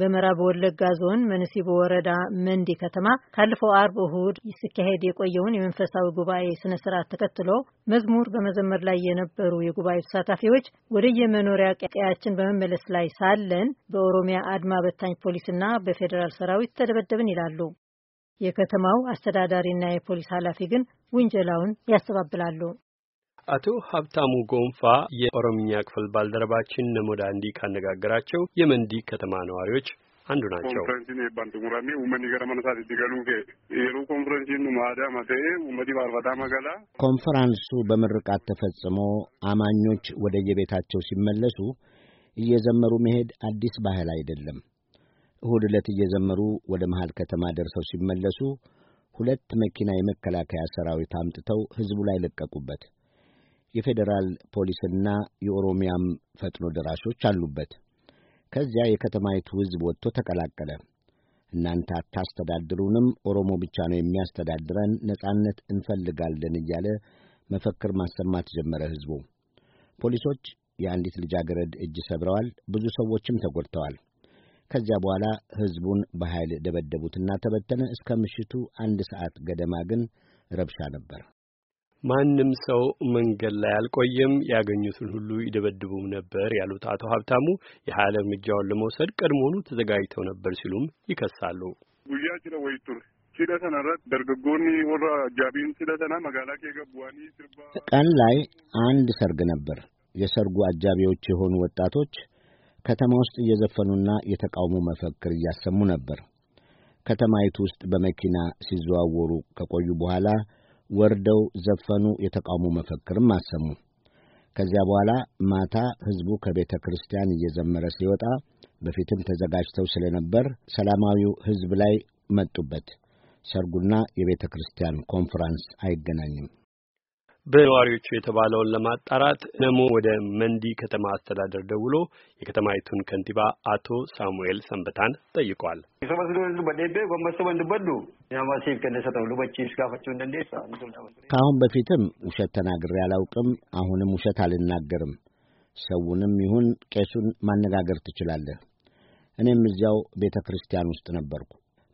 በምዕራብ ወለጋ ዞን መንሲቦ ወረዳ መንዲ ከተማ ካለፈው አርብ እሁድ ሲካሄድ የቆየውን የመንፈሳዊ ጉባኤ ስነ ስርዓት ተከትሎ መዝሙር በመዘመር ላይ የነበሩ የጉባኤ ተሳታፊዎች ወደ የመኖሪያ ቀያችን በመመለስ ላይ ሳለን በኦሮሚያ አድማ በታኝ ፖሊስና በፌዴራል ሰራዊት ተደበደብን ይላሉ። የከተማው አስተዳዳሪና የፖሊስ ኃላፊ ግን ውንጀላውን ያስተባብላሉ። አቶ ሀብታሙ ጎንፋ የኦሮምኛ ክፍል ባልደረባችን ነሞዳ እንዲ ካነጋገራቸው የመንዲ ከተማ ነዋሪዎች አንዱ ናቸው። ኮንፈረንሱ በምርቃት ተፈጽሞ አማኞች ወደ የቤታቸው ሲመለሱ እየዘመሩ መሄድ አዲስ ባህል አይደለም። እሁድ ዕለት እየዘመሩ ወደ መሃል ከተማ ደርሰው ሲመለሱ ሁለት መኪና የመከላከያ ሰራዊት አምጥተው ሕዝቡ ላይ ለቀቁበት። የፌዴራል ፖሊስና የኦሮሚያም ፈጥኖ ደራሾች አሉበት። ከዚያ የከተማይቱ ሕዝብ ወጥቶ ተቀላቀለ። እናንተ አታስተዳድሩንም፣ ኦሮሞ ብቻ ነው የሚያስተዳድረን፣ ነጻነት እንፈልጋለን እያለ መፈክር ማሰማት ጀመረ ሕዝቡ። ፖሊሶች የአንዲት ልጃገረድ እጅ ሰብረዋል፣ ብዙ ሰዎችም ተጎድተዋል። ከዚያ በኋላ ሕዝቡን በኃይል ደበደቡትና ተበተነ። እስከ ምሽቱ አንድ ሰዓት ገደማ ግን ረብሻ ነበር። ማንም ሰው መንገድ ላይ አልቆየም፣ ያገኙትን ሁሉ ይደበድቡም ነበር ያሉት አቶ ሀብታሙ የኃይል እርምጃውን ለመውሰድ ቀድሞውኑ ተዘጋጅተው ነበር ሲሉም ይከሳሉ። ወይቱር ቀን ላይ አንድ ሰርግ ነበር። የሰርጉ አጃቢዎች የሆኑ ወጣቶች ከተማ ውስጥ እየዘፈኑና የተቃውሞ መፈክር እያሰሙ ነበር። ከተማይቱ ውስጥ በመኪና ሲዘዋወሩ ከቆዩ በኋላ ወርደው ዘፈኑ፣ የተቃውሞ መፈክርም አሰሙ። ከዚያ በኋላ ማታ ሕዝቡ ከቤተ ክርስቲያን እየዘመረ ሲወጣ በፊትም ተዘጋጅተው ስለነበር ሰላማዊው ሕዝብ ላይ መጡበት። ሰርጉና የቤተ ክርስቲያን ኮንፈራንስ አይገናኝም። በነዋሪዎቹ የተባለውን ለማጣራት ነሞ ወደ መንዲ ከተማ አስተዳደር ደውሎ የከተማይቱን ከንቲባ አቶ ሳሙኤል ሰንበታን ጠይቋል። ከአሁን በፊትም ውሸት ተናግሬ አላውቅም። አሁንም ውሸት አልናገርም። ሰውንም ይሁን ቄሱን ማነጋገር ትችላለህ። እኔም እዚያው ቤተ ክርስቲያን ውስጥ ነበርኩ።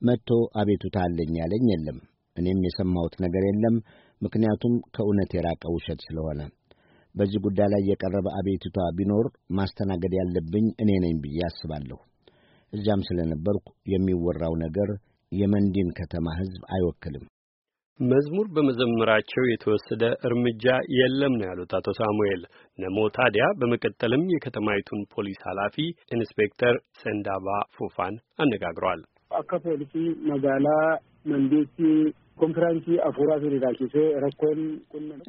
መጥቶ አቤቱታ አለኝ ያለኝ የለም። እኔም የሰማሁት ነገር የለም፣ ምክንያቱም ከእውነት የራቀ ውሸት ስለሆነ። በዚህ ጉዳይ ላይ የቀረበ አቤቱታ ቢኖር ማስተናገድ ያለብኝ እኔ ነኝ ብዬ አስባለሁ። እዚያም ስለነበርኩ የሚወራው ነገር የመንዲን ከተማ ሕዝብ አይወክልም። መዝሙር በመዘመራቸው የተወሰደ እርምጃ የለም ነው ያሉት አቶ ሳሙኤል ነሞ። ታዲያ በመቀጠልም የከተማይቱን ፖሊስ ኃላፊ ኢንስፔክተር ሰንዳባ ፉፋን አነጋግሯል። አካ መጋላ መንዴቲ ኮንፈራንሲ አፉራ ፌዴራኪሴ ረኮን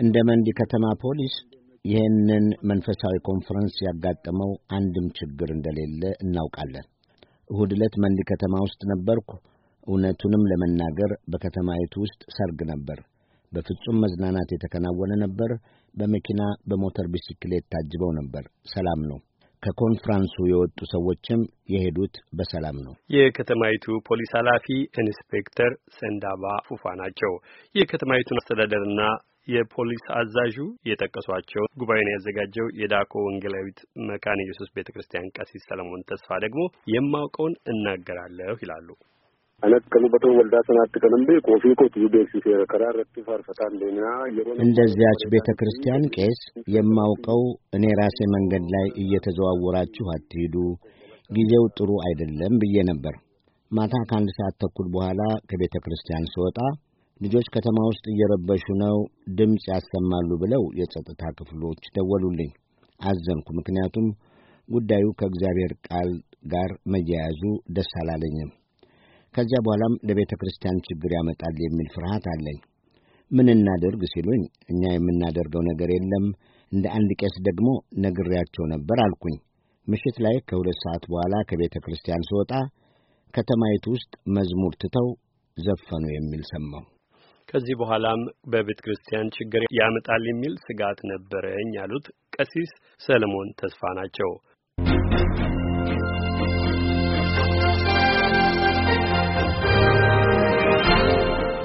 እንደ መንዲ ከተማ ፖሊስ ይህንን መንፈሳዊ ኮንፈረንስ ያጋጠመው አንድም ችግር እንደሌለ እናውቃለን። እሁድ ዕለት መንዲ ከተማ ውስጥ ነበርኩ። እውነቱንም ለመናገር በከተማይቱ ውስጥ ሰርግ ነበር። በፍጹም መዝናናት የተከናወነ ነበር። በመኪና በሞተር ቢስክሌት ታጅበው ነበር። ሰላም ነው። ከኮንፍራንሱ የወጡ ሰዎችም የሄዱት በሰላም ነው። የከተማይቱ ፖሊስ ኃላፊ ኢንስፔክተር ሰንዳባ ፉፋ ናቸው። የከተማይቱን አስተዳደርና የፖሊስ አዛዡ የጠቀሷቸው ጉባኤን ያዘጋጀው የዳኮ ወንጌላዊት መካነ ኢየሱስ ቤተ ክርስቲያን ቀሲስ ሰለሞን ተስፋ ደግሞ የማውቀውን እናገራለሁ ይላሉ። እንደዚያች ቤተ ክርስቲያን ቄስ የማውቀው እኔ ራሴ መንገድ ላይ እየተዘዋወራችሁ አትሂዱ፣ ጊዜው ጥሩ አይደለም ብዬ ነበር። ማታ ከአንድ ሰዓት ተኩል በኋላ ከቤተ ክርስቲያን ስወጣ ልጆች ከተማ ውስጥ እየረበሹ ነው፣ ድምፅ ያሰማሉ ብለው የጸጥታ ክፍሎች ደወሉልኝ። አዘንኩ፣ ምክንያቱም ጉዳዩ ከእግዚአብሔር ቃል ጋር መያያዙ ደስ አላለኝም። ከዚያ በኋላም ለቤተ ክርስቲያን ችግር ያመጣል የሚል ፍርሃት አለኝ። ምን እናደርግ ሲሉኝ እኛ የምናደርገው ነገር የለም፣ እንደ አንድ ቄስ ደግሞ ነግሬያቸው ነበር አልኩኝ። ምሽት ላይ ከሁለት ሰዓት በኋላ ከቤተ ክርስቲያን ስወጣ ከተማይቱ ውስጥ መዝሙር ትተው ዘፈኑ የሚል ሰማሁ። ከዚህ በኋላም በቤተ ክርስቲያን ችግር ያመጣል የሚል ስጋት ነበረኝ ያሉት ቀሲስ ሰለሞን ተስፋ ናቸው።